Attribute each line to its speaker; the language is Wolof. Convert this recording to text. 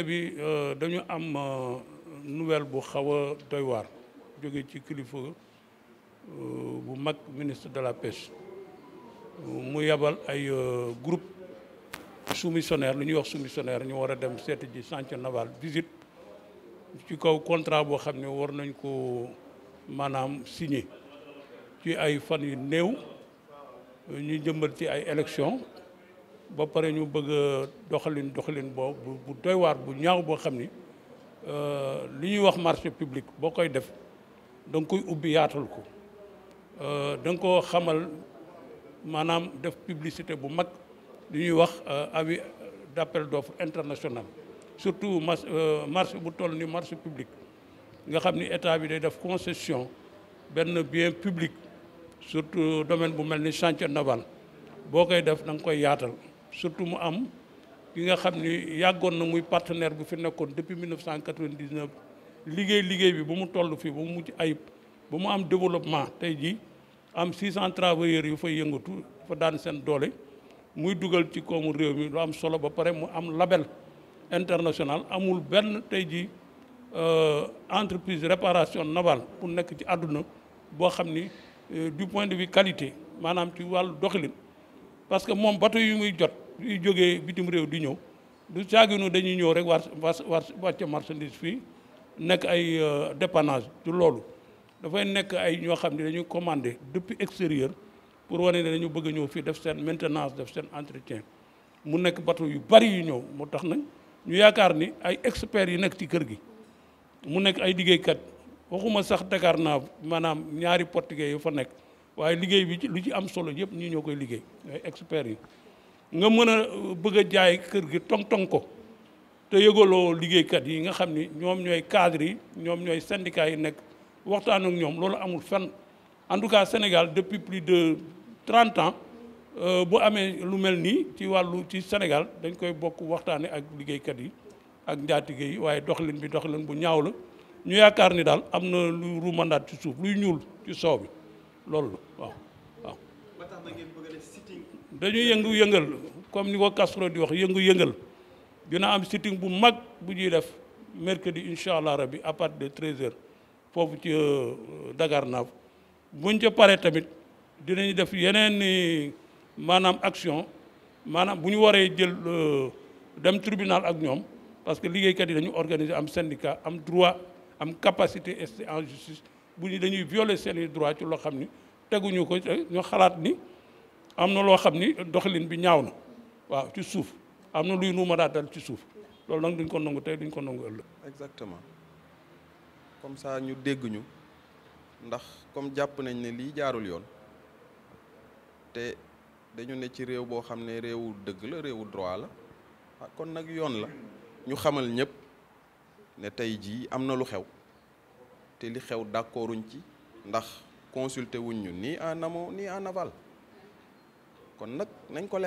Speaker 1: bi euh, dañu am euh, nouvelle bu xaw a doy jóge ci kilifa euh, bu mag ministre de la pêche mu yabal ay groupe soumissionnaire lu ñuy wax soumissionnaire ñu war a dem seeti ji chantier naval visite ci kaw contrat boo xam ne war nañ ko maanaam signé ci ay fan yu néew ñu jëmbat ci ay élection ba pare ñu bëgg a doxalin doxalin boobu bu doy waar bu ñaaw boo xam ni euh, li ñuy wax marché public koy def da nga koy ubbi yaatal ko euh, da nga xamal def publicité bu mag li ñuy wax euh, avis d' appel international surtout marché bu toll ni marché public nga xam état bi day def concession benn bien public surtout domaine bu mel ni chantier naval koy def da nga koy yaatal surtout mu am ki nga xam ni yàggoon na muy partenaire bu fi nekkoon depuis 1999 liggéey liggéey bi ba mu toll fii ba mu mucc ayib ba mu am développement tey jii am 600 travailleurs yu fay yëngatu fa daan seen doole muy dugal ci koomu réew mi lu am solo ba pare mu am label international amul benn tey jii euh, entreprise réparation navale bu nekk ci àdduna boo xam ni euh, du point de vue qualité maanaam ci wàllu doxalin parce que moom bateau yu muy jot. yu jógee bitim réew di ñëw du saaginu dañuy ñëw rek war war wàcce marchandise fii nekk ay euh, dépannage du loolu dafay nekk ay ñoo xam ne dañuy commandé depuis extérieur pour wane ne dañu bëgg a ñëw fii def seen maintenance def seen entretien mu nekk bateau yu bari yu ñëw moo tax nag ñu yaakaar ni ay experts yi nekk ci kër gi mu nekk ay liggéeykat waxuma sax Dakar naa maanaam ñaari portugais yu fa nekk waaye liggéey bi lu ci am solo yëpp ñi ñoo koy liggéey ay experts yi nga mën a bëgg a jaay kër gi tong-tong ko te yëgaloo liggéeykat yi nga xam ni ñoom ñooy cadres yi ñoom ñooy syndicats yi nekk waxtaan ak ñoom loolu amul fenn en tout cas Sénégal depuis plus de trente ans euh, bu amee lu mel nii ci wàllu ci Sénégal dañ koy bokk waxtaane ak liggéeykat yi ak njaatige yi waaye doxalin bi doxalin bu ñaaw la ñu yaakaar ni daal am na lu ruumandaat ci suuf luy ñuul ci soow bi loolu la waaw ba
Speaker 2: tax na ngeen bëgg a
Speaker 1: sitting dañuy yëngu yëngal comme ni ko Castro di wax yëngu yëngal dina am sitting bu mag bu ñuy def mercredi incha allah rabi à partir de 13h fofu ci euh, Dakar naaf buñ ci paré tamit dinañ def yeneen manam action manam bu ñu jël euh, dem tribunal ak ñom parce que liggéeykat yi dañu organiser am syndicat am droit am capacité et en justice bu dañuy violer seen i droit ci lo xamni teguñu ko ñu xalaat ni am na loo xam ni doxalin bi ñaaw na waaw ci suuf am na luy nuuma daatal ci suuf loolu nag duñ ko nangu tey duñ ko nangu ëllëg.
Speaker 2: exactement comme ça ñu dégg ñu ndax comme jàpp nañ ne lii jaarul yoon te dañu ne ci réew boo xam ne réewu dëgg la réewu droit la ah, kon nag yoon la ñu xamal ñépp ne tey jii am na lu xew te li xew d'accorduñ ci ndax. Consultez vous ni à en amont ni en aval kon nous nañ ko